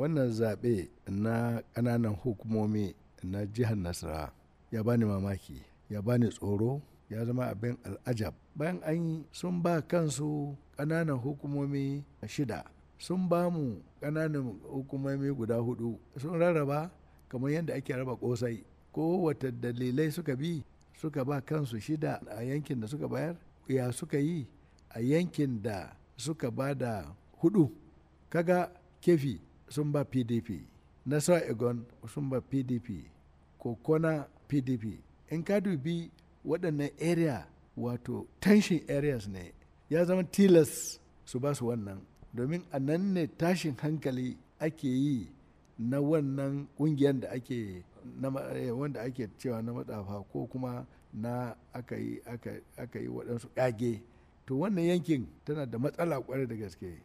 wannan zaɓe na ƙananan hukumomi na jihar nasara ya bani mamaki ya bani tsoro ya zama abin al'ajab bayan an yi sun ba kansu ƙananan hukumomi shida sun ba mu ƙananan hukumomi guda hudu sun rarraba kamar yadda ake raba ƙosai ko wata dalilai suka bi suka ba kansu shida a yankin da suka bayar ya suka yi a yankin da suka ba da hudu kaga kefi sun ba pdp sa egon sun ba pdp kona pdp in ka dubi waɗannan area wato tension areas ne ya zama tilas su ba su wannan domin a nan ne tashin hankali ake yi na wannan ƙungiyar da ake eh, wanda ake cewa na matsafa ko kuma na aka yi waɗansu ƙage to wannan yankin tana da matsala ƙwarai da gaske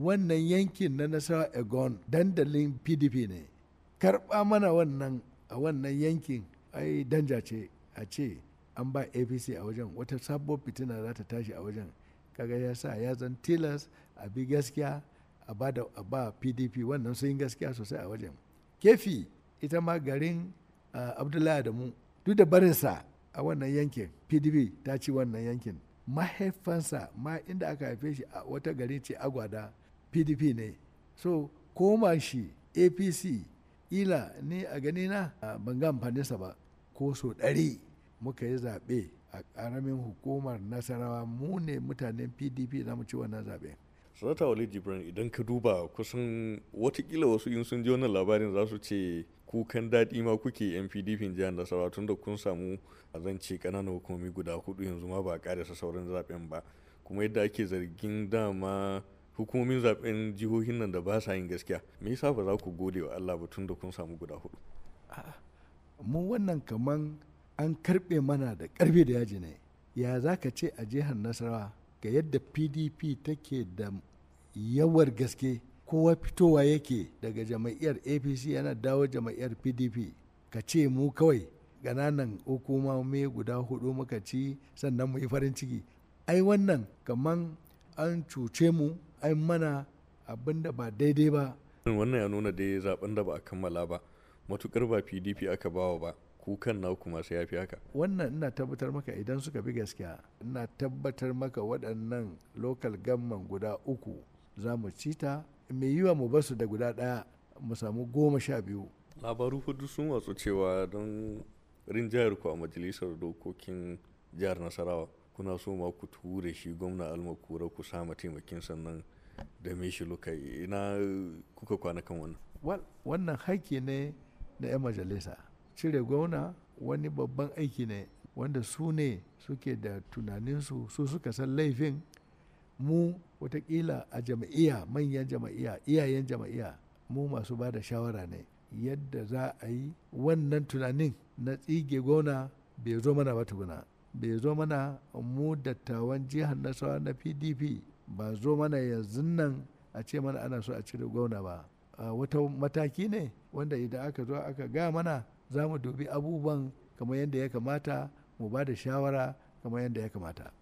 wannan yankin na nasarar egon dandalin pdp ne karɓa mana wannan a wannan yankin ai danja ce a ce an ba apc a wajen wata sabuwar fitina za ta tashi a wajen kaga ya sa ya zan tilas a bi gaskiya a ba pdp wannan sun yi gaskiya sosai a wajen kefi ita ma garin abdullahi adamu duk da barinsa a wannan yankin pdp ta ci wannan yankin mahaifansa ma inda aka haife shi a wata gari ce agwada pdp ne so koma shi apc ila ni a gani na ban ga amfaninsa ba ko so ɗari muka yi zaɓe a ƙaramin hukumar nasarawa mu ne mutanen pdp za mu ci wannan zaɓe sanata wali jibran idan ka duba kusan watakila wasu in sun ji wannan labarin za su ce kukan daɗi ma kuke yan pdp jihar nasarawa tun da kun samu a zance ƙananan hukumomi guda hudu yanzu ma ba a ƙarasa sauran zaɓen ba kuma yadda ake zargin dama hukumomin zaben jihohin nan da ba sa yin gaskiya me yasa ba za ku gode wa Allah ba tun da kun samu guda hudu mu wannan kaman an karbe mana da karbe da yaji ne ya za ka ce a jihar nasarawa ga yadda pdp take da yawar gaske kowa fitowa yake daga jama'iyyar apc yana dawo jama'iyyar pdp ka ce mu kawai ƙananan hukumomi guda hudu muka ci sannan mu yi farin ciki ai wannan kaman an cuce mu ai mana abin da ba daidai ba wannan ya nuna dai zaben da ba a kammala ba matukar ba pdp aka bawa ba kukan na kuma sai ya fi haka wannan ina tabbatar maka idan suka bi gaskiya ina tabbatar maka waɗannan lokal gamman guda uku za mu ci ta mai yiwa mu basu da guda ɗaya mu samu goma sha biyu labaru hudu sun watsu cewa don rinjayar ku a majalisar dokokin jihar nasarawa kuna so ma ku ture shi gwamna almakura ku sa mataimakin sannan da me shi luka ina kuka kwana kan wannan wannan haƙƙi ne na 'yan majalisa cire gwamna wani babban aiki ne wanda su ne suke da tunaninsu su suka san laifin mu watakila a jama'iya manyan jama'iya iyayen jama'iya mu masu ba da shawara ne yadda za a yi wannan tunanin na tsige gona bai zo mana ba tukuna bai zo mana mu dattawan jihar nasawa na pdp ba zo mana yanzu nan a ce mana ana so a cire gwamna ba wata mataki ne wanda idan aka zo aka ga mana za mu dubi abubuwan kamar yadda ya kamata mu ba da shawara kamar yadda ya kamata